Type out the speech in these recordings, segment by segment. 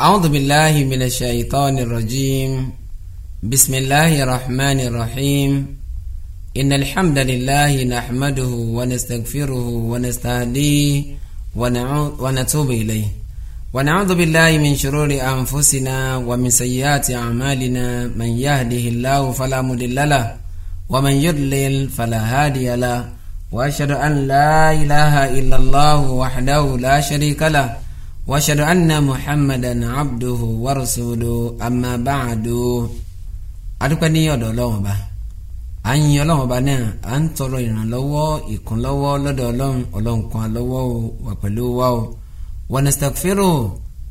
أعوذ بالله من الشيطان الرجيم بسم الله الرحمن الرحيم إن الحمد لله نحمده ونستغفره ونستهديه ونتوب إليه ونعوذ بالله من شرور أنفسنا ومن سيئات أعمالنا من يهده الله فلا مضل له ومن يضلل فلا هادي له وأشهد أن لا إله إلا الله وحده لا شريك له واشهد ان محمدا عبده ورسوله اما بعد adúpẹ́ ní ọ̀dọ̀ ọlọ́run ọba à ń yin ọlọ́run ọba náà à ń tọrọ ìrànlọ́wọ́ ìkúnlọ́wọ́ lọ́dọ̀ ọlọ́run ọlọ́run kan lọ́wọ́ o wà pẹ̀lú wa o wa nastaghfiru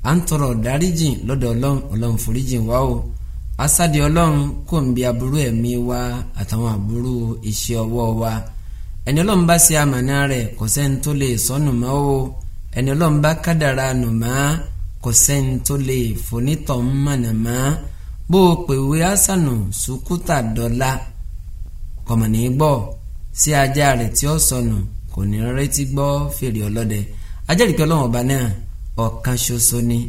à ń tọrọ dáríjì lọ́dọ̀ ọlọ́run ọlọ́run wa o asáde ọlọ́run kò ń bi aburú wa àtàwọn aburú iṣẹ́ ọwọ́ wa ẹni ọlọ́run bá ṣe amànà rẹ̀ kò sẹ́ni tó lè sọnù mọ́ o ẹni ọlọ́run bá kádàrá nù mọ́ kò sẹ́ni tó lè fonítọ̀ ń mọ̀nà mọ́ bó o pèwé asanu sukuta dọ́là kọ̀mọ̀ ní gbọ́ sí ajá rẹ̀ tí ó sọnù kò ní retí gbọ́ fèrè ọlọ́dẹ ajẹ́rìí pé ọlọ́run ọba náà ọ̀kan ṣoṣo ni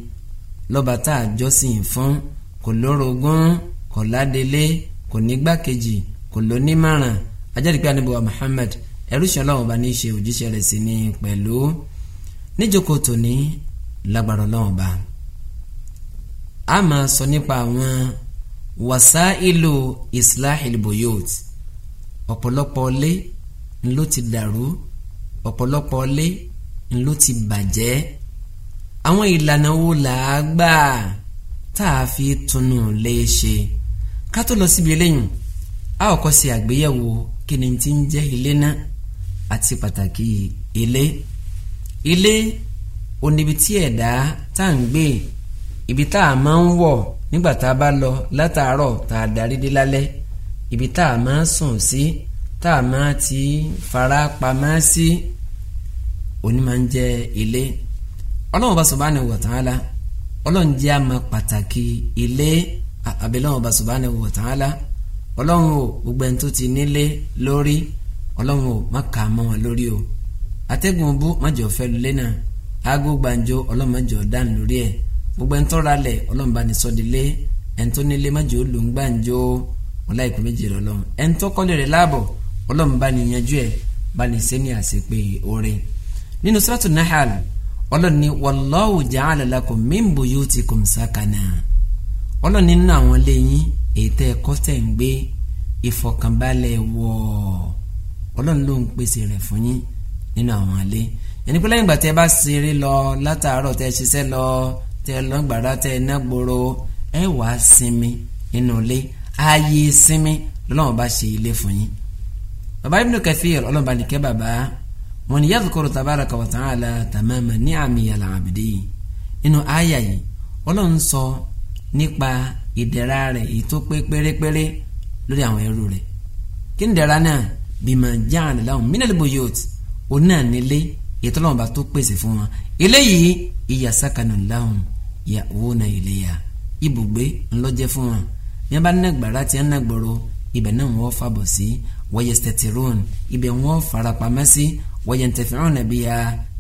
lọ́ba tá a jọ́sìn fún kò lórogún kò ládélé kò ní gbákejì kò lónímọ̀ràn ajẹ́rìí pé anábíwá Muhammad ẹrú ṣe ọlọ́run ọba ní í ṣe òjíṣẹ́ rẹ̀ sí ni pẹ̀lú níjókòó tòní lágbára Ọlọ́run bá a máa sọ nípa àwọn wasailu islahil buyut ọ̀pọ̀lọpọ̀ ilé ló ti dàrú ọ̀pọ̀lọpọ̀ ilé ló ti bàjẹ́ àwọn ìlànà wo là á gbà tá a fi tunu lè e ṣe ká tó lọ síbi eléyìí a ò kọ́ sí àgbéyẹ̀wò kí ni ti ń jẹ́ ilé náà àti pàtàkì ilé. ilé onibiti tí ẹ̀dá tá à ń gbé ibi tá a máa ń wọ̀ nígbà tá a bá lọ látàárọ̀ tá a darí ibi tá a máa sùn sí tá a máa ti fara pamọ́ sí òní máa ń jẹ́ ilé ọlọ́run bá subhanahu wa ta'ala ọlọ́run jẹ́ àmọ́ pàtàkì ilé àbẹ̀lọ́run bá subhanahu wa ta'ala ọlọ́run ò gbogbo ẹni tó ti nílé lórí ọlọ́run ò má kà á o. atẹ́gùn bú májọ fẹ́ lulẹ̀ náà aago gbàǹjo ọlọ́mọjọ dànù lórí ẹ̀ gbogbo ẹ̀ńtọ́ra lẹ̀ ọlọ́mọbanisọ́dilé ẹ̀ńtọ́nilé májọ lù ń gbàǹjo ọlá ìpín méjì lọ́lọ́ ẹ̀ńtọ́kọ́lẹ̀ rẹ̀ láàbọ̀ ọlọ́mọbaniyanjú ẹ̀ bani sẹ́ni àṣepé orin nínú sọ́tù nahal ọlọ́ni wallahu ja'ala lakum min buyutikum sakana ọlọ́ni nínú àwọn lẹ́yìn ètò ẹ̀kọ́ tẹ̀ ń gbé ìfọ̀kànbalẹ̀ wọ̀ ọlọ́ni ló ń pèsè rẹ̀ fún yín nínú àwọn ilé ẹni pé lẹ́yìn ìgbà tẹ́ bá ṣeré lọ látàárọ̀ tẹ́ ṣiṣẹ́ lọ tẹ́ lọ́gbàrá tẹ́ nágboro ẹ wàá sinmi nínú ilé ààyè sinmi lọ́lọ́wọ́n bá ṣe ilé fún yín. bàbá Ibn Kathir ọlọ́ba nìkẹ́ bàbá wọn ni yadhkuru tabaraka wa ta'ala tamama ni'ami ala abdi nínú àyà yìí ọlọ́run sọ nípa ìdẹ̀ra rẹ̀ èyí tó pé pérépéré lórí àwọn ẹrú rẹ̀ kí ni dẹ̀ra náà bima ja'ala lahum minal buyut òun náà nílé ìtọ́lọ́mọba tó pèsè fún wọn eléyìí ìyá sákànù láhùn yà owó náà ilé yà ibùgbé ńlọ́jẹ́ fún wọn ní abá nàgbàrá tí ń nàgbọ̀rọ̀ ibẹ̀ náà wọ́n fàbọ̀ sí wọ́yẹ stẹtirón ibẹ̀ wọ́n farapamọ́ sí wọ́yẹ ntẹ̀fẹ̀rún nàbí ya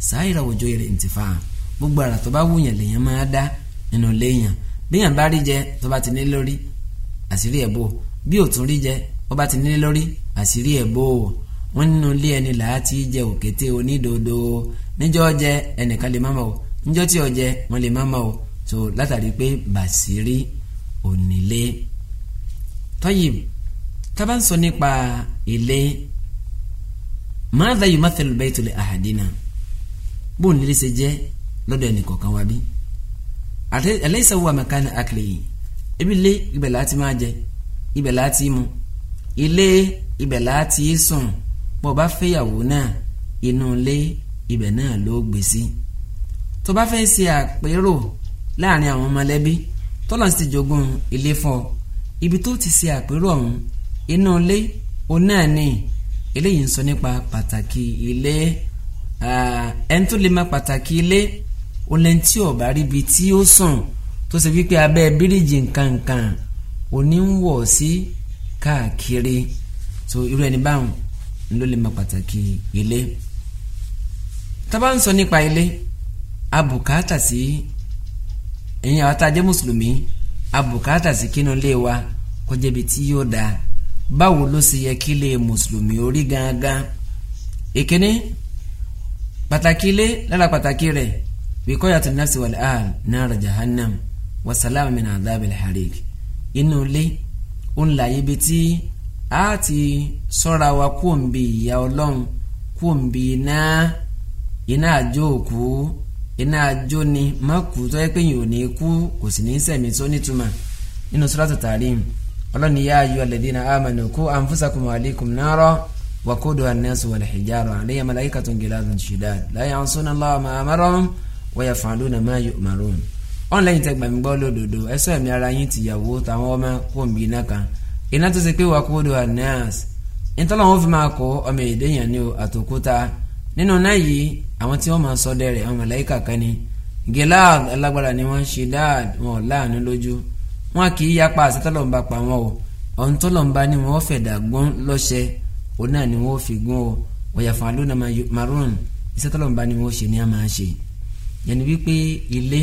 sáyẹ̀rẹ̀ òjò yẹrẹ ntìfà gbogbo ara tó bá wúyàn lèèyàn máa dá nínú léèyàn bíyàn bá rí jẹ tó bá ti ní lórí àṣírí ẹ̀ bò bí òtún rí jẹ ó bá ti ní lórí àṣírí ẹ̀ bò wọ́n nínú ilé ẹni làá ti jẹ òkété onídodo níjọ́ jẹ ẹnìkan lè má mọ̀ o níjọ́ tí ó jẹ lè má mọ̀ o so látàrí pé bàṣírí onílé tọ́yì tábà ń sọ nípa ilé mọ́àdá yìí má fẹ́ lùbẹ́ ìtòlẹ̀ àhàdínà bó onílé ṣe jẹ́ lọ́dọ̀ ẹnì kọ̀ọ̀kan wá bí àlẹ́sàwò àmàkánà àkìlẹ̀ yìí ebi ilé ibẹ̀ láti máa jẹ ibẹ̀ láti mu ilé ibẹ̀ láti sùn bó bá fẹ́yàwó náà inú ilé ibẹ̀ náà ló gbé sí tó bá fẹ́ ṣe àpérò láàrin àwọn mọ̀lẹ́bí tọ́lọ̀ sì jogún ilé fún ọ ibi tó ti ṣe àpérò ọ̀hún inú ilé òun náà ni eléyìí ń sọ nípa pàtàkì ilé ẹni tó lè má pàtàkì ilé òun lẹ́ni tí ò bá rí ibi tí ó sùn tó ṣe wípé abẹ́ bíríìjì nkankan òní ń wọ̀ sí káàkiri tó irú ẹni báwọn ló lè mọ pàtàkì ilé tá bá ń sọ nípa ilé abùkátà sí ẹ̀yin àwọn tá a jẹ́ mùsùlùmí abùkátà sí kínú ilé wa kó jẹ́ ibi tí yóò dáa báwo ló ṣe yẹ kí ilé mùsùlùmí orí gangan ìkíní pàtàkì ilé lára pàtàkì rẹ̀ wíkọ́yàtò nafsi wàlẹ́ àl náà rẹ̀ jahannam wasalaamu min adhabil harik inú ilé ó ń la ibi tí a ti sọ́ra wa kúò ń bi ìyá ọlọ́run kúò ń bi iná iná àjò òkú iná àjò ni má kú tó yẹ pé yìí ò ní kú kò sì ní sẹ̀mí tó nítumọ̀ nínú Suratu Tarim ọlọ́ni yá ayọ́ alladhina amanu qu anfusakum wa alaykum nara waquduha an-nasu wal hijaru alayha malaikatun giladun shidad la ya'suna Allaha ma amarahum wa yaf'aluna ma yu'marun ọ̀n lẹ́yìn tẹ́gbàmígbọ́ lódodo ẹ̀sọ́ ẹ̀mí ara yín tìyàwó táwọn ọmọ kò iná tó ṣe pé wà kúrò anas nítorí wọn fi máa kọ ọmọ èdè yẹn ní o àtòkúta nínú náà yìí àwọn tí wọn máa sọ dẹrẹ àwọn màláíkà kan ni gilad alágbára ni wọn shidad wọn ò láàánú lójú wọn kì í yapa àṣetọ́lọ́mba pa wọn o ọ̀hún e tọ́lọ́mba ni wọn fẹ̀dà gún lọ́ṣẹ òun náà ni wọn fi gún o ọ̀yàfọ̀ àlónà marun ìṣẹ́tọ́lọ́mba ni wọn ṣe ni a máa ṣe yẹn ni wípé ilé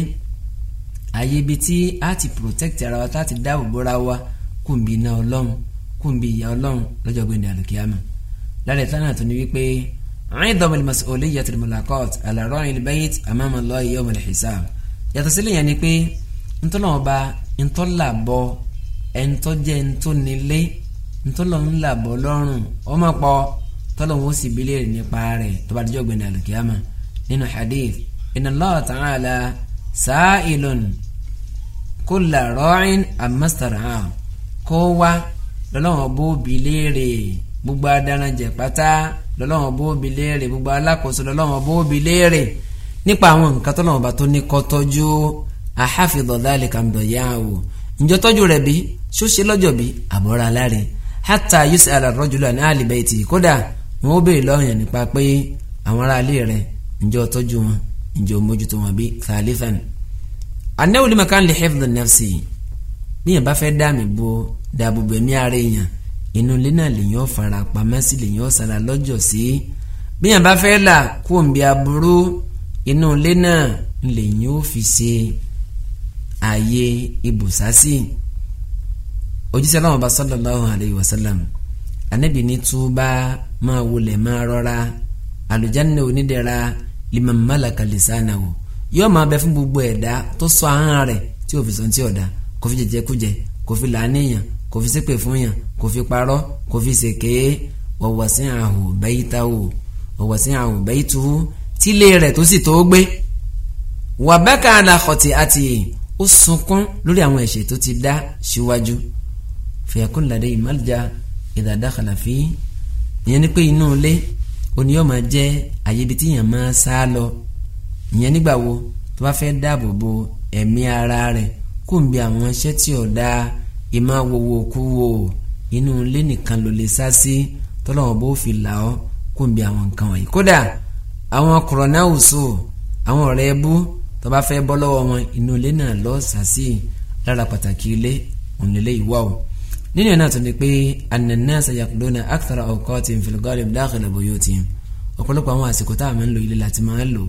àyè ibi tí a ti protect ara wa tá a ti dáàbò bóra wa kùnbi iná ọlọ́run kùnbi ìyá ọlọ́run lọ́jọ́ gbẹ̀ndẹ̀ àlùkìyàmà lálẹ́ tánà tó ní wípé عظم المسؤولية الملاقات على راعي البيت أمام الله يوم الحساب yàtọ̀ sílẹ̀ yẹn ni pé ntọ́lọ́wọ́ bá ntọ́làbọ̀ ẹ̀ńtọ́jẹ́ ntọ́nilé ntọ́lọ́wọ́ lọ́rùn ọmọ tọ́lọ́wọ́ sì bílẹ̀ nípa rẹ̀ tó bá dijọ́ gbẹ̀nà àlùkìyàmà nínú hadith inna Allah ta'ala sa'ilun kulla ra'in amma stara'ahu kó wá lọ́lọ́wọ́n bó bi léèrè gbogbo adaranjẹ pátá lọ́lọ́wọ́n bó bi léèrè gbogbo alákòóso lọ́lọ́wọ́n bó bi léèrè nípa àwọn nǹkan tọ́lọ́wọ́n bá tó ní kó tọ́jú ahafidọ̀ dálẹ̀ kàmdọ̀yà o ǹjọ́ tọ́jú rẹ̀ bí ṣóṣe lọ́jọ́ bí àbọ̀rọ̀ aláre hátà yusuf alárọ́jùlọ ní àlìbẹ̀tì kódà wọn ó béèrè lọ́yàn nípa pé àwọn aráalé rẹ̀ ǹjọ́ tọ́jú wọn ǹjọ́ mójútó wọn bí thalithan anáwó lè lè hifdhan nafsi yìí bíyàn bá fẹ́ dàmì bo dàbòbò ẹ̀mí ara èèyàn inú ilé náà lèyàn ó fara pamọ́ sí lèyàn ó sara lọ́jọ́ sí bíyàn bá fẹ́ là kó ń bi aburú inú ilé náà lèyàn ó fi ṣe ààyè ibùsàsì òjíṣẹ́ aláwọ̀ bá sallallahu alayhi wa sallam anabi ní túbá máa wulẹ̀ máa rọra àlùjánnà onídẹ̀ra liman malaka lisanahu yóò máa bẹ fún gbogbo ẹ̀dá tó sọ ahọ́n rẹ̀ tí ò fi sọ kó fi jẹjẹkújẹ kó fi làníyàn kó fi ṣépè fún yàn kó fi parọ́ kó fi ṣèké wọ̀wọ̀ sí àhùn bẹ́yì táwò wọ̀wọ̀ sí àhùn bẹ́yì tuhu tílé rẹ̀ tó sì tó gbé. wà bẹ́ẹ̀ka àdàkọ̀tì àti ó sunkún lórí àwọn ẹ̀ṣẹ̀ tó ti dá síwájú fìyàkùn làdé ìmọ̀lẹ́jà ìdàdàkàlà fi ìyẹn ni pé inú ilé òní yóò máa jẹ́ àyè ibi tí yàn máa sá lọ ìyẹn nígbà wo tó bá fẹ́ dáàbò bo ẹ̀mí ara rẹ̀ kó ń bi àwọn iṣẹ́ tí ò dáa ìmọ̀ àwòwò kú wò inú ilé nìkan ló lè sá sí tọ́lọ́wọ́n bó fi là ọ́ kó ń bi àwọn nǹkan wọ̀nyí. kódà àwọn kòrónà òṣò àwọn ọ̀rẹ́ ẹbú tó bá fẹ́ bọ́ lọ́wọ́ wọn inú ilé náà lọ́ọ́ sá sí lára pàtàkì ilé òǹlẹ̀lẹ̀ ìwà o. nínú ẹ̀ náà tó ní pé ànànà sàyàkùlónà akthara awqatin fil ghalib dakhila buyutihim ọ̀pọ̀lọpọ̀ àwọn àsìkò tá a máa ń lo ilé láti máa ń lò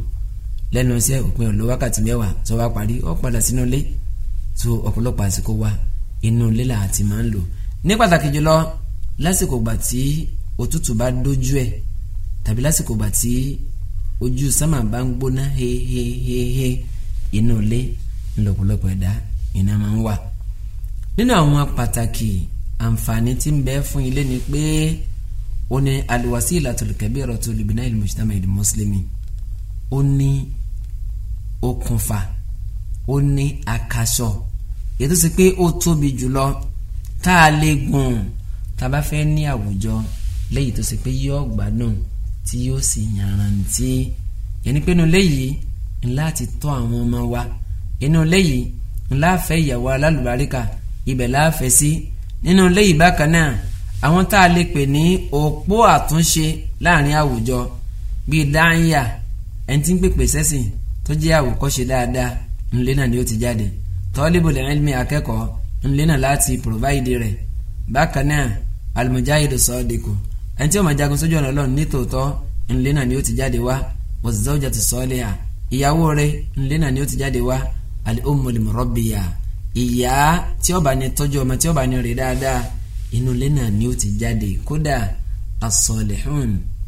lẹ́nu iṣẹ́ òpin òlò wákàtí mẹ́wàá tó bá parí ó padà sínú ilé so ọ̀pọ̀lọpọ̀ àsìkò wa inú ilé là ti máa ń lò ní pàtàkì jùlọ lásìkò gbà tí òtútù bá dójú ẹ tàbí lásìkò gbà tí ojú sámà bá ń gbóná hehehehe inú ilé ńlọpọlọpọ ẹ̀dá iná máa ń wà nínú àwọn pàtàkì àǹfààní tí ń bẹ fún ilé ni pé ó ní alwasilatul kabiratu libinayil mujtama'il muslimi ó ní okùnfà ó ní àkàsọ̀ ètò sí pé ó tóbi jùlọ tá a lè gùn tá a bá fẹ́ ní àwùjọ lẹ́yìn tó sì pé yóò gbádùn tí yóò sì yàrántí yẹnni pé inú léyìí ńlá ti tọ́ àwọn ọmọ wa inú léyìí ńlá fẹ́ ìyàwó alálùbáríkà ibẹ̀ láàfẹ́ sí nínú léyìí bákan náà àwọn tá a lè pè ní òpó àtúnṣe láàrin àwùjọ bíi dáńyà ẹni tí ń pèpè sẹ́sìn tó jẹ́ àwòkọ́ṣe dáadáa ńlẹ́ náà ni ó ti jáde tọ́líbùl ilmi akẹ́kọ̀ọ́ ńlẹ́ náà láti pòrọ̀váìdì rẹ̀ bákan náà alimujahidu sọ́ọ́dìkù ẹni tí ó máa jagun sójú ọ̀nà Ọlọ́run nítòótọ́ ńlẹ́ náà ni ó ti jáde wá wazawjatu sọ́ọ́lẹ́à ìyàwó rẹ̀ ńlẹ́ náà ni ó ti jáde wá al-ummul murabbiya ìyá tí ó bá ní tọ́jú ọmọ tí ó bá ní rè dáadáa inú ilé náà ni ó ti jáde kódà as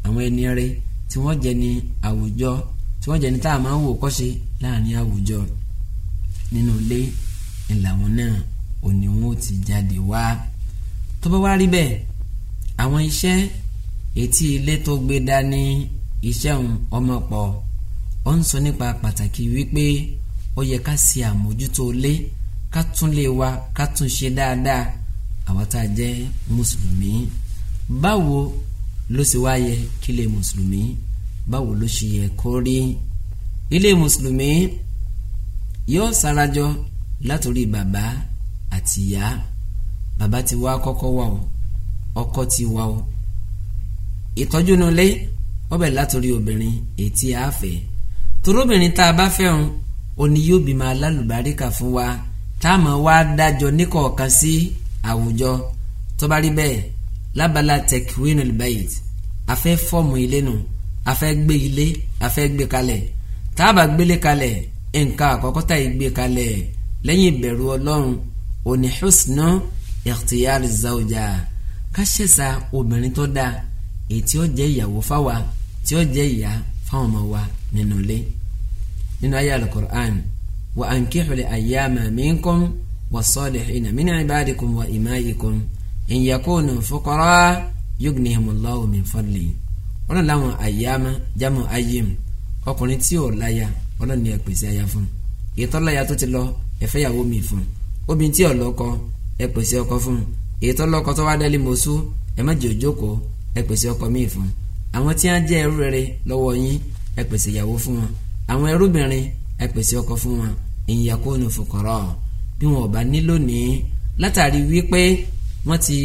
àwọn ẹni rẹ̀ tí wọ́n jẹ́ ní àwùjọ tí wọ́n jẹ́ ní tá máa ń wò kọ́ṣe láàrin àwùjọ nínú ilé làwọn náà òní wọn ò ti jáde wá tó bá wá rí bẹ́ẹ̀ àwọn iṣẹ́ etí ilé tó gbé dání iṣẹ́ òun ọmọ pọ̀ ó ń sọ nípa pàtàkì wípé ó yẹ ká ṣe àmójútó ilé ká tún lé wa ká tún ṣe dáadáa àwa tá a jẹ́ mùsùlùmí báwo ló ṣe wá yẹ kí mùsùlùmí báwo ló ṣe yẹ kó rí ilé mùsùlùmí yóò sarajọ látòrí bàbá àti ìyá bàbá ti wá kọ́kọ́ wà o ọkọ ti wà o ìtọ́jú nu lé ọbẹ̀ látòrí obìnrin ètí àáfẹ́ torobìnrin tá a bá fẹ́ hàn òní yóò bímọ alálùbáríkà fún wa táàmù wa dájọ níkọ̀ọ̀kan sí àwùjọ tó bá rí bẹ́ẹ̀ lábala tekwin albayit afẹ́ fọ́ọ̀mù ilé nu afẹ́ gbé ilé afẹ́ gbé kalẹ̀ táàbà gbélé kalẹ̀ nǹkan àkọ́kọ́ tá ìgbé kalẹ̀ lẹ́yìn ìbẹ̀rù ọlọ́run òní husnu ikhtiyar zawja káṣẹ́sà obìnrin tó dáa èyí tí ó jẹ́ ìyàwó fáwa tí ó jẹ́ ìyá fáwọn ọmọ wa nínú ilé nínú ayé alukur'an wa ankihu li ayyama minkum was-salihina min ibadikum wa ima'ikum in yakunu fuqara yughnihimullahu min fadli wọn làwọn ayyama jamu ayyim ọkùnrin tí ò láya ọlọ́run ni ẹ pèsè aya fún un ìtọ́láya tó ti lọ ẹ fẹ́ yàwó mi fún un obìnrin tí ọlọ́kọ ẹ pèsè ọkọ fún un ìtọ́lọ́kọ tó wá délé mọ́sú ẹ má jẹ́ òjókòó ẹ pèsè ọkọ mi fún un àwọn tí wọ́n jẹ́ ẹrú rere lọ́wọ́ yín ẹ pèsè ìyàwó fún wọn àwọn ẹrúbìnrin ẹ pèsè ọkọ fún wọn ìyàkó ní fòkọ̀rọ̀ bí wọn ò bá nílò ní látàrí wípé wọ́n ti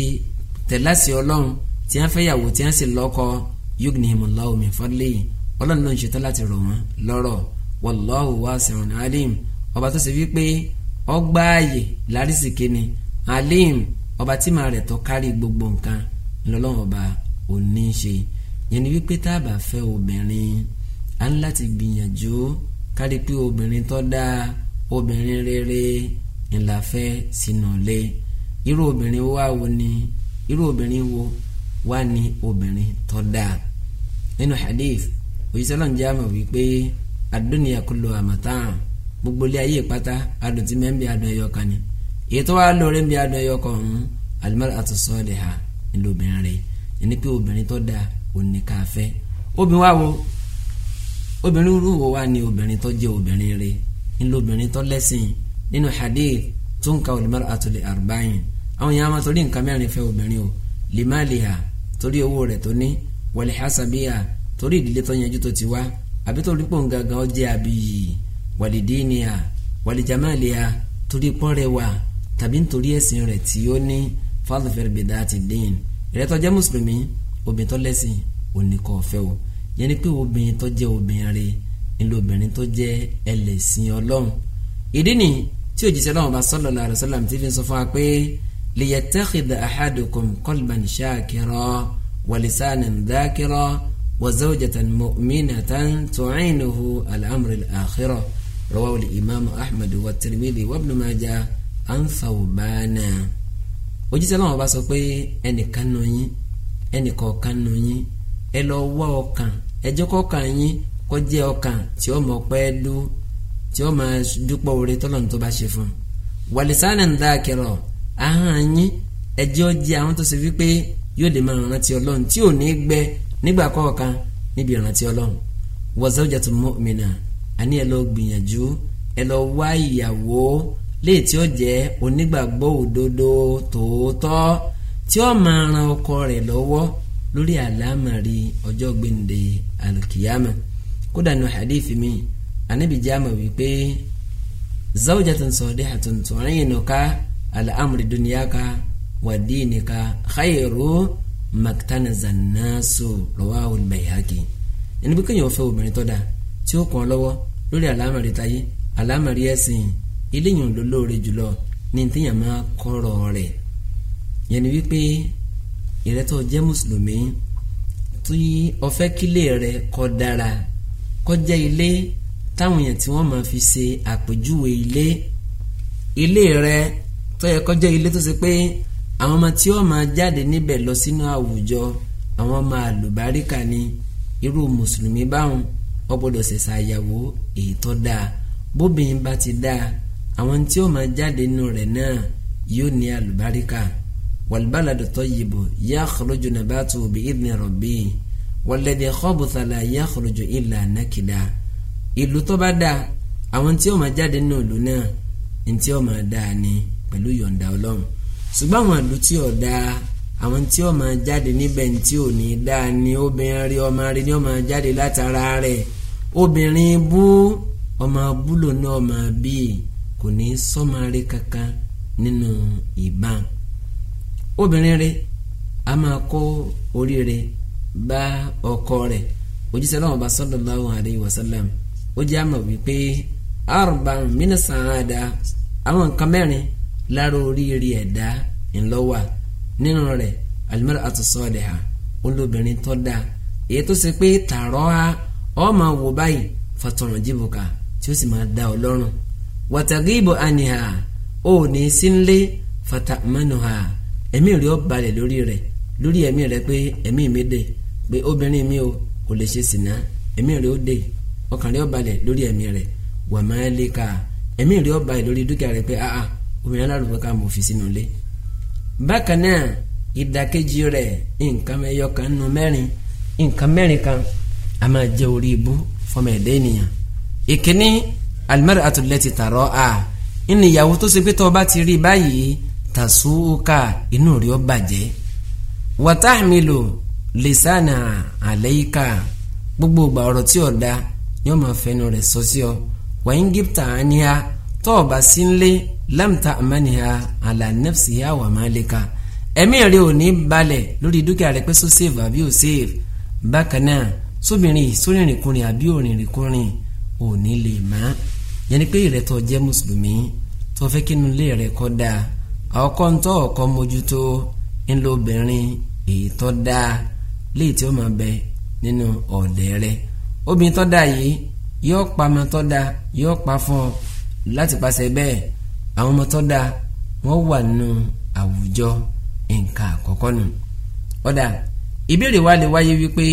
tẹ̀láṣì ọlọ́run tí wọ́n fẹ́ yàwó tí wọ́n sì lọ́kọ yóò ní ìmọ̀lá omi fọ́lẹ́yìn ọlọ́run náà ń ṣetán láti rọ̀ wọ́n lọ́rọ̀ wallahu wasi'un alim ọba tó ṣe wípé ọgbà ààyè lárísìkí ni alim ọba tí màá rẹ̀ tó kárí gbogbo nǹkan lọ́lọ́run ọba ò ní í ṣe yẹn ni wípé tá a bá fẹ́ obìnrin á ń láti gbìyànjú kárí pé obìnrin tó dáa obìnrin rere ńlá fẹ́ sínú ilé irú obìnrin wa wo ni irú obìnrin wo wá ní obìnrin tó dáa nínú hadith òjíṣẹ́ lọ́njẹ́ àmọ̀ wípé àdúnyà kúlò àmàtàn gbogbo ilé ayé pata adùn tí mẹ́ńbí adùn ẹ̀yọ kan ni èyí tó wá lórí ń bí adùn ẹ̀yọ kan ọ̀hún alimọ́lá àtúnṣe ọ̀lẹ̀ ha nílò obìnrin rẹ̀ ẹni pé obìnrin tó dáa òní ká fẹ́ obìnrin wá wo obìnrin rú wo wá ní obìnrin tó jẹ́ obìnrin rẹ̀ nílò obìnrin tó lẹ́sìn nínú hadith tó ń ka alimọ́lá àtúnlẹ̀ àrùbáyìn àwọn yàrá torí nǹkan mẹ́rin fẹ́ obìnrin o limaliha torí owó rẹ̀ tó ní wàlẹ̀ torí ìdílé tó yanjú tó ti wá àbí tó rí pòun gangan ó jẹ́ àbíyì wàlídìíní à wàlíjàmáàlì à torí pọ́nrẹ́ wa tàbí nítorí ẹ̀sìn rẹ̀ tí ó ní fàlùfẹ́rẹ́ bìdá àti dín ìrẹ́tọ́ jẹ́ mùsùlùmí obìnrin tó lẹ́sìn òní kò fẹ́ o yẹn ni pé obìnrin tó jẹ́ obìnrin rẹ̀ nílò obìnrin tó jẹ́ ẹlẹ́sìn ọlọ́run ìdí ni tí òjíṣẹ́ náà bá sọ́lọ́ làrá sọ́lá ti fi sọ fún wa pé liyatakhidha ahadukum qalban shakira wa lisanan dhakira wa zawjatan mu'minatan tu'inuhu al-amru al-akhirah rawahu al-imam ahmad wa tirmidhi wa ibn majah an thawbana òjíṣẹ́ náà bá sọ pé ẹnìkan nù yín ẹnìkọ̀ọ̀kan nù yín ẹ lọ wá ọkàn ẹjọ́ kọ̀ọ̀kan yín kó jẹ́ ọkàn tí ó mọ̀ pẹ́ dú tí ó máa dúpọ̀ orí tọ́lọ́n tó bá ṣe fún un wàlísánà ń dá akẹrọ ahọ́n yín ẹjọ́ jẹ́ àwọn tó ṣe wípé yóò lè máa rántí ọlọ́run tí ò ní gbẹ nígbà kọ̀ọ̀kan níbi ìrántí ọlọ́run wa zawjatu mu'mina àní ẹ lọ gbìyànjú ẹ lọ wá ìyàwó léè tí ó jẹ́ onígbàgbọ́ òdodo tòótọ́ tí ó máa ran ọkọ rẹ̀ lọ́wọ́ lórí àlámàrí ọjọ́ gbẹ̀ǹde alkiyama kódà nù hadithi mi ànábì jáàmà wípé zawjatun sadihatun tu'inuka ala amri dunyaka wa dinika khayru maktana zanaso lọ́wọ́ àwọn Bayhaqi ẹni bí kéèyàn fẹ́ obìnrin tó dáa tí ó kàn lọ́wọ́ lórí àlámọ̀rí táyé àlámọ̀rí ẹ̀sìn eléyìí ló lóore jùlọ ní téèyàn máa kọ́rọ̀ rẹ̀ yẹn ni wípé ìrẹ́tọ̀ jẹ́ mùsùlùmí tí ọfẹ́ kílé rẹ̀ kọ́ dára kó jẹ́ ilé táwọn èèyàn tí wọ́n máa fi ṣe àpèjúwe ilé ilé rẹ̀ tó yẹ ilé tó ṣe pé àwọn ọmọ tí wọ́n máa jáde níbẹ̀ lọ sínú àwùjọ àwọn ọmọ àlùbáríkà ni irú mùsùlùmí báwọn wọ́n gbọ́dọ̀ ṣẹ̀ṣà àyàwó èyí tó dáa bóbìnrin bá ti dáa àwọn tí wọ́n máa jáde nínú rẹ̀ náà yóò ní àlùbáríkà wàlúbàlàdù tọ́yìbù yá àkọlójú nàbàtú bí ìdìní rọ̀bì wàlẹ́dẹ̀ kọ́bùtàlà yá àkọlójú ìlà nàkìdá ìlú tó bá dáa àwọn tí wọ́n máa jáde nínú ìlú náà ní tí wọ́n máa dáa ni pẹ̀lú yọ̀ǹda ọlọ́run ṣùgbọ́n àwọn ìlú tí ò dáa àwọn tí ó máa jáde níbẹ̀ tí ò ní dáa ni obìnrin rí ọmọ rí ni ó máa jáde látara rẹ̀ obìnrin bú ọmọ búlò ní ọmọ bíi kò ní sọ́mọ́rí kankan nínú ìbá obìnrin rẹ̀ a máa kó orí rẹ̀ bá ọkọ rẹ̀ òjíṣẹ́ náà bá sallallahu alayhi wa sallam ó jẹ́ àmọ̀ wípé arba'un min sa'ada àwọn nǹkan mẹ́rin lára oríire ẹ̀dá ńlọ́wà nínú rẹ̀ almar'atu saliha olóbìnrin tó dáa èyí tó ṣe pé tààrọ́ a ọ́ máa wò báyìí fatu'jibuka tí ó sì máa dá ọ lọ́rùn wa taghibu anha ó ní sínlé fata'manuha ẹ̀mí rẹ̀ ó balẹ̀ lórí rẹ̀ lórí ẹ̀mí rẹ̀ pé ẹ̀mí mi dé pé obìnrin mi ò kò lè ṣe sìnà ẹ̀mí rẹ̀ ó dé ọkàn rẹ̀ ó balẹ̀ lórí ẹ̀mí rẹ̀ wa ẹ̀mí rẹ̀ ó balẹ̀ lórí dúkìá rẹ̀ pé ah ah obìnrin alárùbọ̀ ká mọ̀ fi sínú ilé bákan náà ìdàkejì rẹ̀ nǹkan ẹyọ kan nínú mẹ́rin nǹkan mẹ́rin kan a máa jẹ́ orí ibú fọmọ ẹ̀dá ènìyàn ìkíní almar'atu allati tara'a ìní ìyàwó tó ṣe pé tó bá ti rí báyìí tàṣúkà inú rí ó bàjẹ́ wa tahmilu lisana alayka gbogbo ìgbà ọ̀rọ̀ tí ò da ni ó máa fẹnu rẹ̀ sọ sí ọ wàyí ń gíptà á sí ń lé lamta amaniya ala nafsiya wa malika ẹ̀mí rẹ ò ní balẹ̀ lórí dúkìá rẹ pé so save àbí ò save bákan náà sóbìnrin sórìnrìnkùnrin àbí òrìnrìnkùnrin ò ní lè má yẹni pé ìrẹ́tọ̀ jẹ́ mùsùlùmí tó fẹ́ kínú ilé rẹ̀ kọ́ dáa ọkọ ńtọ́ ọkọ mójútó ńlọbìnrin èyí tó dáa léyìí tí ó máa bẹ nínú ọ̀dẹ́ rẹ̀ obìnrin tó dáa yìí yóò pa ọmọ tó dáa yóò pa fún ọ láti pàṣẹ bẹ́ẹ̀ àwọn ọmọ tó dáa wọ́n wà nù àwùjọ nǹkan àkọ́kọ́ nù ọ̀dà ìbéèrè wa lè wáyé wípé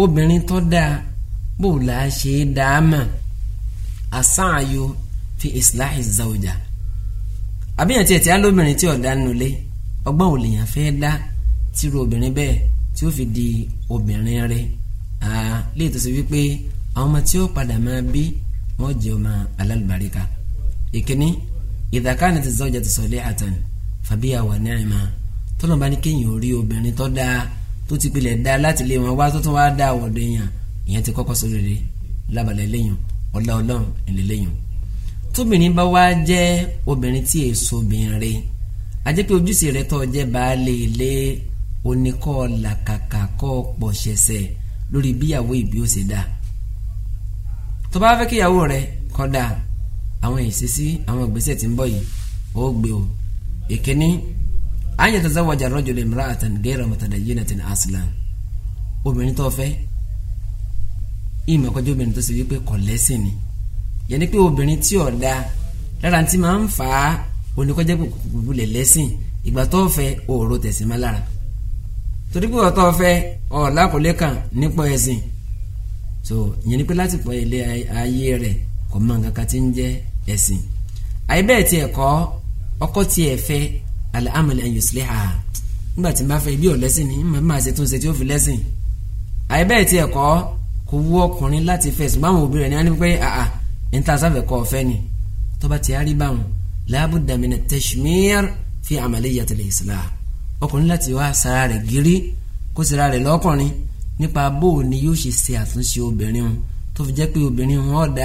obìnrin tó dáa bó la ṣe é dáa mà àsáàyò fi islahi zawja àbíyàn tiẹ̀ tí á lóbìnrin tí ọ̀dà nulẹ̀ ọgbọ́n ò lèèyàn fẹ́ dá tírú obìnrin bẹ́ẹ̀ tí ó fi di obìnrin rẹ̀ lè tó ṣe wípé àwọn ọmọ tí ó padà máa bí wọ́n jẹ́ ọmọ alálùbáríkà ìkíní idha kanat az-zawjatu salihatan fabiha wa ni'ma tọ́lọ̀ bá ní kéèyàn orí obìnrin tó dáa tó ti pilẹ̀ dáa láti lé wọn wá tó tún wá dá àwọ̀dọ̀ èèyàn ìyẹn ti kọ́kọ́ sórí rẹ̀ lábàlẹ̀ lẹ́yìn ọ̀la ọlọ́run ìlẹ̀ lẹ́yìn. tóbìnrin bá wá jẹ́ obìnrin tí èso obìnrin rẹ̀ ajẹ́ pé ojúṣe rẹ̀ tó jẹ́ baálé ilé oníkọ́ làkàkà kọ́ pọ̀ lórí bíyàwó ìbí ó ṣe dáa tó bá fẹ́ kíyàwó rẹ̀ kọ́ dáa àwọn ìṣesí àwọn ìgbésẹ̀ tí ń bọ̀ yìí ó gbé o ìkíní an yatazawaja rajulu imra'atan ghayra mutadayyinatin aslan obìnrin tó fẹ́ ìmọ̀ obìnrin tó ṣe wípé kò lẹ́sìn ni yẹn ni pé obìnrin tí ò da lára tí máa ń fà á oníkọjá gbogbo lè lẹ́sìn ìgbà tó fẹ́ òòrò tẹ̀sí má lára torí pé ọ̀tọ̀ fẹ́ ọ̀la kò lẹ́kàn nípa ẹ̀sìn so yẹn ni pé láti pọ̀ ilé ayé rẹ̀ kò mọ nǹkan kan tí ń jẹ́ ẹ̀sìn àyẹ̀bẹ̀ tiẹ̀ kọ́ ọkọ tiẹ̀ fẹ́ alhamdulilayi yusliha nígbà tí n bá fẹ́ ibi ò lẹ́sìn ni màá máa ṣe tún ṣe tí ó fi lẹ́sìn àyẹ̀bẹ̀ tiẹ̀ kọ́ kò wú ọkùnrin láti fẹ́ ṣùgbọ́n àwọn òbí rẹ̀ ní wọ́n ní pé àà níta sáfẹ́ kọ́ ọ̀fẹ́ ni tọ́ba ti arí báwọn láàbùdà min tashmir fi amaliyatil islah ọkùnrin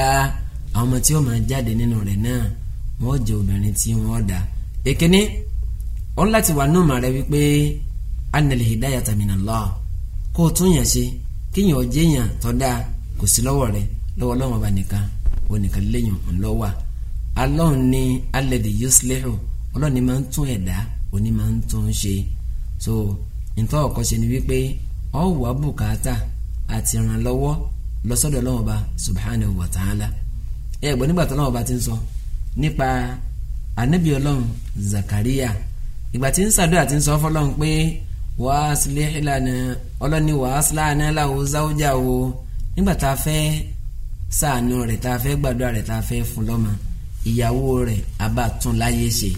àwọn ọmọ tí ó máa jáde nínú rẹ̀ náà wọ́n jẹ́ obìnrin tí wọ́n dá èkíní òun láti wà nù màrẹ́ wípé anil hidayata minallah kó o tún yàn ṣe kéèyàn ọjẹ́ yàn tọ́da kò sí lọ́wọ́ rẹ̀ lọ́wọ́ lọ́wọ́ bá nìkan onìkan léyìn ńlọ́wà alọ́hùn ni alẹ́dẹ̀ yuslihu ọlọ́hun ni máa ń tún ẹ̀dá òní máa ń tún ṣe so nǹkan ọ̀kọ́ ṣe ni wípé ọ̀wà bùkátà àti ìrànlọ́wọ́ lọ́sọ́dọ̀ lọ́wọ́ bá subhanahu wa ta'ala ẹ gbọ́ nígbà tó náà ọba ti ń sọ nípa anabi ọlọ́run Zakariya ìgbà tí ń sàdúrà ti ń sọ fọlọ́run pé wàásìlẹ̀ ìlànà ọlọ́ni wàásìlẹ̀ àná làwọn záwọ́jà wo nígbà tá a fẹ́ ṣàánú rẹ̀ tá a fẹ́ gbàdúrà rẹ̀ tá a fẹ́ fún lọ́mọ ìyàwó rẹ̀ abàtúnláyé ṣe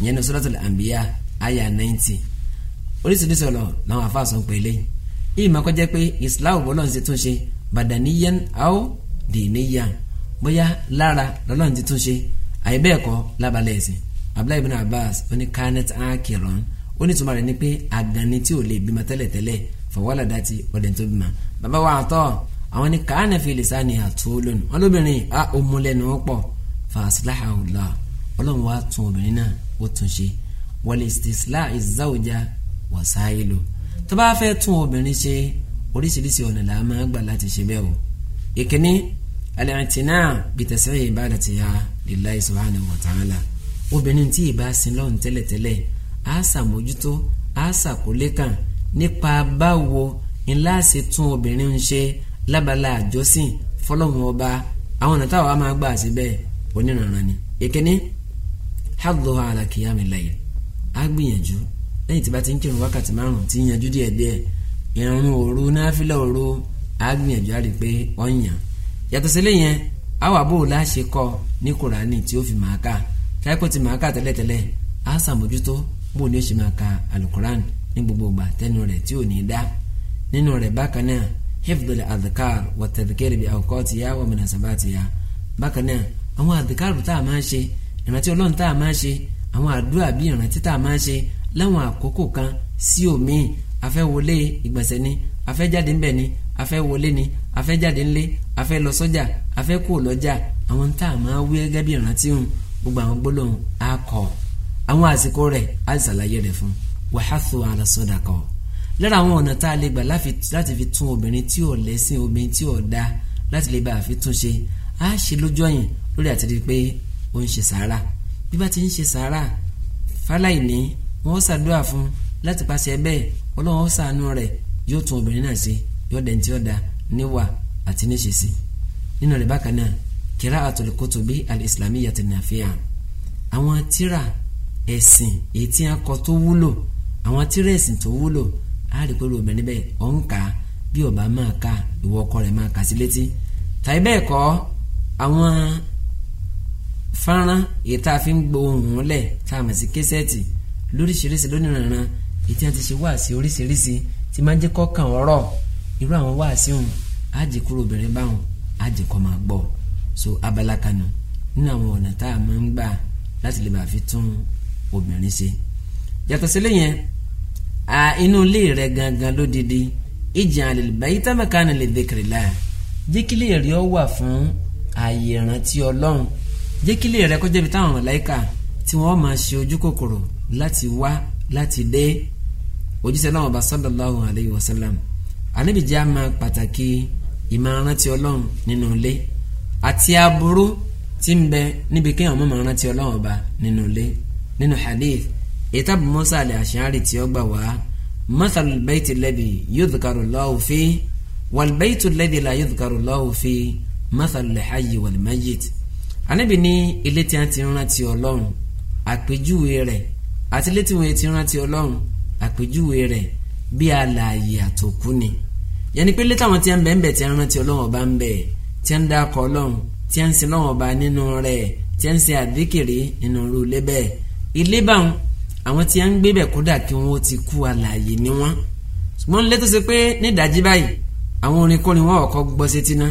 ìyẹn ní Suratul Anbiya àyà 90 oríṣiríṣi ọ̀lọ́ làwọn afáàsọ ń pèlè yìí máa kọjá pé Islam ṣe tún ṣe badaniyan aw bóyá lára lọ́lọ́run ti tún ṣe àìbẹ́ẹ̀kọ́ lábalẹ̀ ẹ̀sìn abdullahi ibn abbas oní kanet akiron onítùmọ̀ rẹ̀ ni pé àgànnì tí ò lè bímọ tẹ́lẹ̀tẹ́lẹ̀ fọwọ́lá dátì ọ̀dẹ̀ tó bímọ bàbá wa àtọ́ àwọn ní kàánẹ́fì lìsánì àtúlónù wọn lóbìnrin a òmùlẹ́nu pọ̀ fàṣíláhàlá ọlọ́run wa tún obìnrin náà ó tún ṣe wọlé istisla ìzáwùjá wọ̀sáìlò tó bá fẹ́ tún obìnrin ṣe oríṣiríṣi ọ̀nà làá máa gbà láti ṣe bẹ́ẹ̀ o ìkíní alẹ́rìntìnà bìtẹ̀sẹ̀rẹ̀ ibadatiha lillahi subhanahu wa ta'ala obìnrin tí ìbá sin lọ́run tẹ́lẹ̀tẹ́lẹ̀ á ṣàmójútó á ṣàkólékàn nípa báwo ńlá ṣe tún obìnrin ń ṣe lábala àjọsìn fọlọ́run ọba àwọn ọ̀nà táwa máa gbà sí bẹ́ẹ̀ onírànran ni ìkíní hadduha ala qiyami layl á gbìyànjú lẹ́yìn tí bá ti ń kírun wákàtí márùn tí ń yanjú díẹ̀díẹ̀ ìrun òru náfìlà òru á gbìyànjú á rí i pé ọ̀yàn yàtọ̀ sílẹ̀ yẹn àwọn àbò láṣẹ kọ́ ní kùránì tí ó fi máa kà káyọ̀pọ̀ ti máa kà tẹ́lẹ̀tẹ́lẹ̀ á sàmójútó bó ni ó ṣe máa ka alukuran ní gbogbo ìgbà tẹnu rẹ̀ tí ò ní dá nínú rẹ̀ bákan náà hifdul adhikar wa tadhkir bi awqatiha wa munasabatiha bákan náà àwọn adhikar tá a máa ṣe ìrántí ọlọ́run tá a máa ṣe àwọn àdúrà bí ìrántí tá a máa ṣe láwọn àkókò kan sí òmíì afẹ́ ìgbọ̀nsẹ̀ ni afẹ́ jáde ńbẹ̀ ni afẹ́ ni afẹ́ jáde a fẹ́ lọ sọ́jà a fẹ́ kó lọ́jà àwọn ń tà máa wí gẹ́gẹ́ bí ìrántí hùn gbogbo àwọn gbólóhùn á kọ́ àwọn àsìkò rẹ̀ á ṣàlàyé rẹ̀ fún wàhásù ara sọ́dà kọ́ lára àwọn ọ̀nà tá a lè gbà láti fi tún obìnrin tí ò lẹ́sìn obìnrin tí ò dá láti lè bá a fi tún ṣe á ṣe lójú ọ̀yìn lórí àti rí i pé ó ń ṣe sàárà bí bá ti ń ṣe sàárà fáláì ní wọ́n ṣàdúrà fún láti pàṣẹ bẹ́ẹ̀ ọlọ́run ó ṣàánú rẹ̀ yóò tún obìnrin náà ṣe yóò dẹ̀ ní tí ó da níwà àti níṣìṣì nínú rẹ̀ bákan náà kira'atul kutubi al-islamiyyati nafi'a àwọn tíra ẹ̀sìn èyí tí a kọ tó wúlò àwọn tíra ẹ̀sìn tó wúlò á rí pẹ̀lú obìnrin bẹ́ẹ̀ ọ̀ ń kà á bí ọba máa ka ìwọ ọkọ rẹ̀ máa kà sí létí tàbí bẹ́ẹ̀ kọ́ àwọn fọ́nrán èyí tá a fi ń gbohùn lẹ̀ tá a mọ̀ sí késẹ́ẹ̀tì lóríṣiríṣi lónìrànràn èyí tí a ti ṣe wáàsí oríṣiríṣi ti máa ń jẹ́ kọ́kàn ọ̀rọ̀ irú àwọn wáàsí òun ájì kúrò obìnrin báwọn ájì kọ́ máa gbọ́ so abala kanu nínú àwọn ọ̀nà tá a máa ń gbà láti lè bá fi tún obìnrin ṣe yàtọ̀ sílẹ̀ yẹn a inú ilé rẹ gangan lódidi ìjì àlèlùbáyé tábàkánà lè dèkèrè láà jẹ́ kí lè rí ọ wà fún ààyè ìrántí ọlọ́run jẹ́ kí lè rẹ kó jẹ́bi táwọn màláíkà tí wọ́n máa ṣe ojú kòkòrò láti wá láti dé ojúṣe náà ọba sallallahu alayhi wa sallam àníbìjẹ́ a máa pàtàkì ìmọ̀ràn ti ọlọ́run nínú ilé àti aburú tí ń bẹ níbi kéèyàn mọ̀ mọ̀ràn ti ọlọ́run ọba nínú ilé nínú hadith ètò Abu Musa al-Ash'ari tí ó gbà wá mathalu al-bayti alladhi yudhkaru Allahu fi wal la yudhkaru Allahu fi mathalu al-hayyi wal-mayyit Ànábì ní ilé tí a ti rántí ọlọ́run àpèjúwe rẹ̀ àti ilé tí wọ́n ti rántí ọlọ́run àpèjúwe rẹ̀ bí alààyè àtòkú ni yẹni pé létà wọn ti ń bẹ̀ẹ̀bẹ̀ tí ń rántí ọlọ́run ọba ń bẹ̀ tí ń dákọ̀ ọlọ́run tí ń sin ọlọ́run ọba nínú rẹ̀ tí ń sin àdíkìrì nínú irú ilé bẹ́ẹ̀ ilé báwọn àwọn tí ń gbé bẹ̀ kódà kí wọ́n ti kú alààyè ni wọ́n ṣùgbọ́n lé tó ṣe pé nídàájí báyìí àwọn orin kọrin wọn ọkọ gbọ́ sétí ná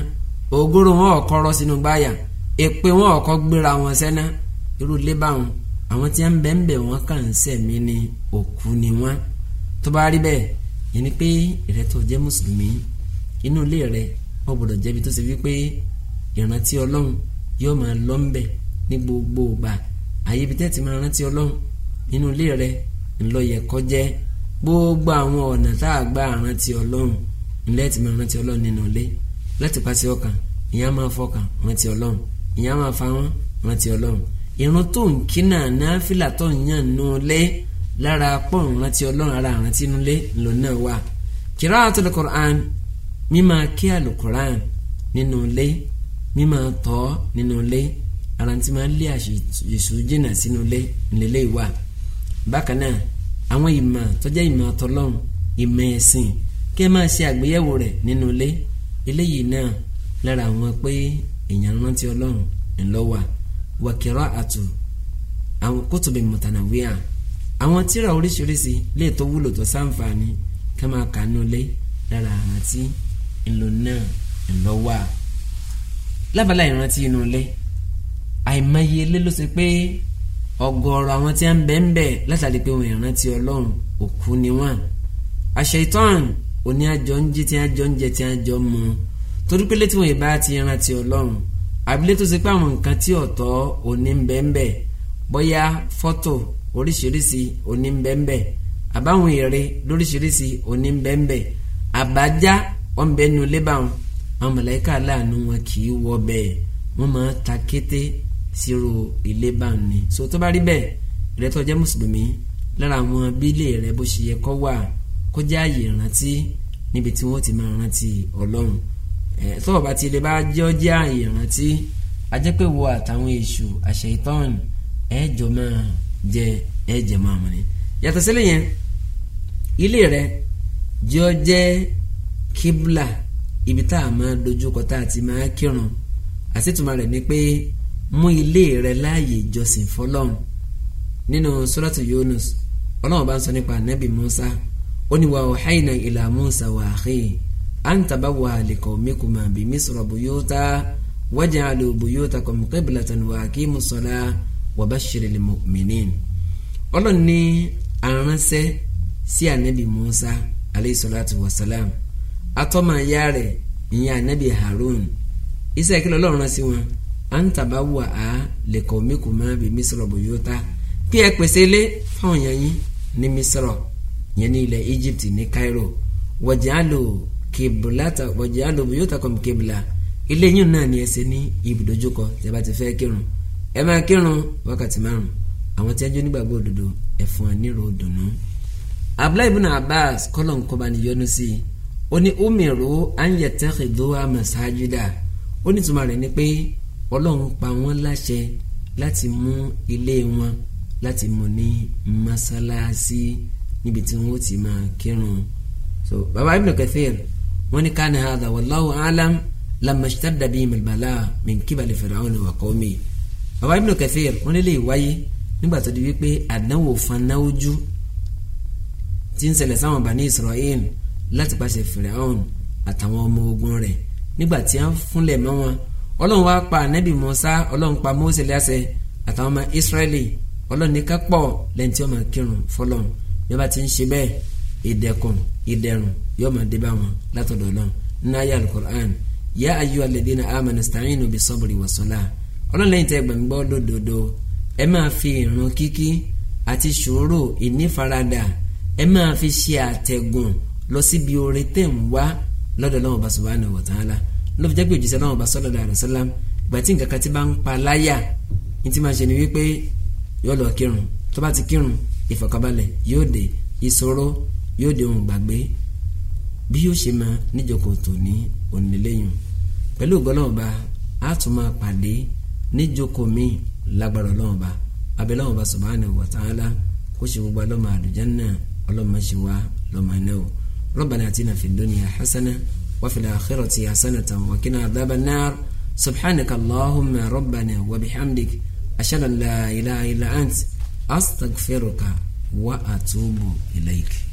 ògóró wọn ọkọ rọ sínú gbáyà èpè wọn ọkọ gbéra wọn sẹ́ná irú ilé báwọn àwọn tí ń bẹ̀ẹ̀bẹ̀ wọn kàn ń sẹ̀mí ni òkú ni wọ́n tó bá rí bẹ́ẹ̀ yẹn ni pé ìrẹ tó jẹ́ mùsùlùmí inú ilé rẹ ó gbọ́dọ̀ jẹ́bi tó ṣe wípé ìrántí ọlọ́run yóò máa lọ ń bẹ̀ ní gbogbo ìgbà àyè ibi tẹ́tì máa rántí ọlọ́run inú ilé rẹ ńlọ yẹ kó jẹ́ gbogbo àwọn ọ̀nà tá a gbà rántí ọlọ́run ńlẹ́ ti máa rántí ọlọ́run nínú ilé láti pàṣẹ ọkàn ìyá máa fọkàn rántí ọlọ́run ìyá máa fa rántí ọlọ́run irun tó ń kí náà náà fìlà tó ń yàn nù lẹ́ẹ́ lára pọ́ùn rántí ọlọ́run ara rántí nulẹ̀ ńlọ náà wà kiraatul Qur'an mímá kí alukur'an nínú ilé mímá tọ́ nínú ilé ara tí máa ń lé àṣìṣù jìnnà sínú ilé ńlẹ̀lẹ̀ wà bákan náà àwọn ìmọ̀ tọ́jà ìmọ̀ tọ́lọ́run ìmọ̀ ẹ̀sìn kí ẹ máa ṣe àgbéyẹ̀wò rẹ̀ nínú ilé eléyìí náà lára àwọn pé èèyàn rántí ọlọ́run ńlọ́wà wàkìrọ̀ àtù àwọn kótóbì mọ̀tànàwíà àwọn tíra oríṣiríṣi lè tó wúlò tó sáǹfààní ká máa kànú lé lára àwọn tí ńlò náà ńlọ wà. lábàlá ìrántí inú ilé àìmọye ilé ló ṣe pé ọ̀gọ̀ọ̀rọ̀ àwọn tí a ń bẹ́ẹ̀ látàrí pé wọn ìrántí Ọlọ́run òkú ni wọn. àṣetán òní àjọ ń jí tí àjọ ń jẹ tí àjọ mu torí pé létí wọn ìbá ti ìrántí Ọlọ́run àbílẹ̀ tó ṣe pé àwọn nǹkan tí ọ̀tọ̀ oríṣiríṣi oníbẹ̀ǹbẹ̀ àbáwọn èrè lóríṣiríṣi oníbẹ̀ǹbẹ̀ àbájá wọn bẹ nu ilé báwọn àwọn mọ̀lẹ́kà láàánú wọn kì í wọ bẹ́ẹ̀ wọ́n máa ta kété sírò ilé ni so tó bá rí bẹ́ẹ̀ ìrẹ́tọ́ jẹ́ mùsùlùmí lára àwọn abílẹ̀ rẹ bó ṣe yẹ kó wà kó jẹ́ àyè ìrántí níbi tí wọ́n ti máa rántí ọlọ́run ẹ̀ tọ́wọ́ bá ti lè bá jọ́ jẹ́ àyè ìrántí ajẹ́pẹ̀wò àtàwọn èṣù àṣẹ ìtọ́n ẹ̀ jọ máa jẹ ẹ jẹ máa mọ̀ ni yàtọ̀ sílẹ̀ yẹn ilé rẹ jẹ́ ọ kíbla ibi tá a máa dojúkọ tá a ti máa kírun àsìtúmọ̀ rẹ̀ ni pé mú ilé rẹ láàyè ìjọsìn fọlọ́run nínú suratu Yunus ọlọ́run bá ń sọ nípa anabi Musa ó ní wa ọ̀háìnà ìlà Musa wà áhìn àǹtàbá wà àlìkọ̀ mikuma bí Misra buyuta waj'alu buyutakum qiblatan wa aqimus salah wa bashiril mu'minin ọlọ́run ní aránṣẹ́ sí ànábì Musa alayhi salatu wa salam atọ́mọ ayá rẹ̀ ìyẹn ànábì Harun iṣẹ́ kí lọ́lọ́run rán sí wọn à ń tàbá wà á lẹ́kọ̀ọ́ mẹ́kọ̀ọ́ máa bí mísọ̀rọ̀ bòyótá kí ẹ pèsè ilé fáwọn èèyàn yín ní mísọ̀rọ̀ yẹn ní ilẹ̀ Egypt ní Cairo wọ̀jáàlò kìbìlátà wọ̀jáàlò bòyótà kọ̀m kìbìlà ilé yín náà ni ẹ ṣe ní ibùdójúkọ tí bá ti fẹ́ kírun ẹ máa kírun wákàtí márùn àwọn tí a jẹ́ onígbàgbọ́ òdodo ẹ fún wa nírò dùnú. abdullahi ibn abbas kọ́lọ̀ ń kọ́ba níyọnu sí i ó ní umiru anyatakhiduwa masajida ó ní tùmọ̀ rẹ̀ ni pé ọlọ́run pa wọ́n láṣẹ láti mú ilé wọn láti mú ní masalasi níbi tí wọ́n ti máa kírun. so baba ibn kathir wọ́n ní kánà hadha wallahu alam lamma ishtadda bihim al-bala min kibali fir'auna wa qawmi bàbá Ibn Kathir wọn lè lè wáyé nígbà tó di wípé àdánwò fanáwójú tí ń ṣẹlẹ̀ sáwọn Bani Israel láti pàṣẹ Firaun àtàwọn ọmọ ogun rẹ̀ nígbà tí a ń fúnlẹ̀ mọ́ wọn ọlọ́run wá pa anabi Musa ọlọ́run pa Mose láṣẹ àtàwọn ọmọ Israẹli ọlọ́run ní kápọ̀ lẹ́yìn tí wọ́n máa kírun fọlọ́run bí wọ́n ń ṣe bẹ́ẹ̀ ìdẹ̀kùn ìdẹ̀rùn yóò máa dé bá wọn látọ̀dọ̀ ọlọ́run nínú ayé Al-Qur'an yá ayyuhalladhina amanu ista'inu bis-sabri was-salah ọlọ́run lẹ́yìn tẹ́ gbàgbọ́ lódodo ẹ máa fi ìrun kíkí àti sùúrù ìnífaradà ẹ máa fi ṣe àtẹ̀gùn lọ síbi oore tẹ̀ ń wá lọ́dọ̀ Ọlọ́hun Ọba subhanahu wa ta'ala ló fi jẹ́ pé òjíṣẹ́ Ọlọ́hun Ọba sallallahu alaihi wasallam ìgbà tí nǹkan kan ti bá ń pa láyà ní ti máa ṣe ni wípé yóò lọ kírun tó bá ti kírun ìfọ̀kànbalẹ̀ yóò dé ìṣòro yóò dé ohun gbàgbé bí yóò ṣe máa níjókòó tò ní onílẹ́yìn pẹ̀lú ògbọ́n náà bá a tún máa pàdé níjókòó mi lágbára ọlọ́run ba abẹ́lẹ́ ọba subhanahu wa ta'ala kó ṣe gbogbo alọ́mọ àlùjánnà ọlọ́mọ ṣe wá lọ́mọ náà o rabbana atina fid dunya hasana wa fil akhirati hasanatan wa qina adhaban nar subhanaka allahumma rabbana wa bihamdik ashhadu an la ilaha illa ant astaghfiruka wa atubu ilayk.